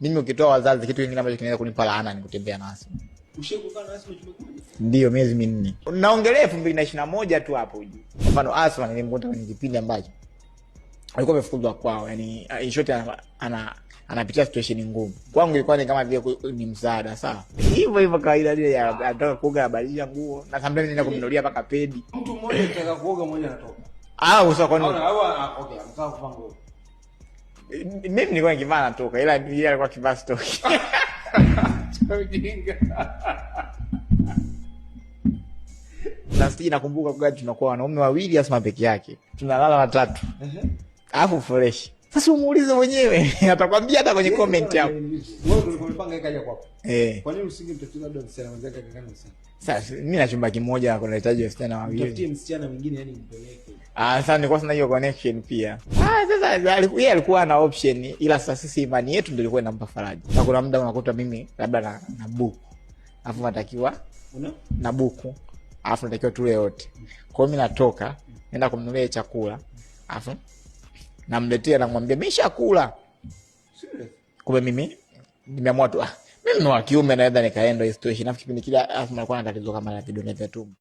mimi ukitoa wazazi, kitu kingine ambacho kinaweza kunipa laana ni kutembea nasi. Ndio, miezi minne, naongelea elfu mbili na ishirini na moja tu hapo juu. mfano Asma nilimkuta kwenye kipindi ambacho alikuwa amefukuzwa kwao, yani inshoti short, ana anapitia situesheni ngumu. Kwangu ilikuwa ni kama vile ni msaada, sawa hivo hivo kawaida ile anataka kuoga, abadilisha nguo na sometimes naenda kumnunulia mpaka pedi. Mtu mmoja anataka kuoga, mmoja anatoka. Ah, usakoni. Ah, okay, mimi nilikuwa nikivaa natoka, ila yeye alikuwa akivaa stoki na sijui nakumbuka kwa tunakuwa wanaume wawili asma peke yake tunalala watatu uh-huh. alafu fresh sasa umuulize mwenyewe atakwambia hata kwenye comment hapo. Eh. Sasa mimi na chumba kimoja kuna hitaji wasichana wawili. Mtafutie msichana Ah, sasa nilikuwa sina hiyo connection pia. Ah, sasa yeye alikuwa na option ila sasa sisi imani yetu ndio ilikuwa inampa faraja. Na kuna muda unakuta mimi labda na, na buku. Alafu natakiwa una na buku. Alafu natakiwa tule yote. Kwa hiyo mimi natoka nenda kumnunulia chakula. Alafu namletea na kumwambia nimeshakula. Kumbe mimi nimeamua tu ah, mimi ni wa kiume naweza nikaenda hiyo situation. kipindi kile alafu nilikuwa na tatizo kama la vidonda vya tumbo.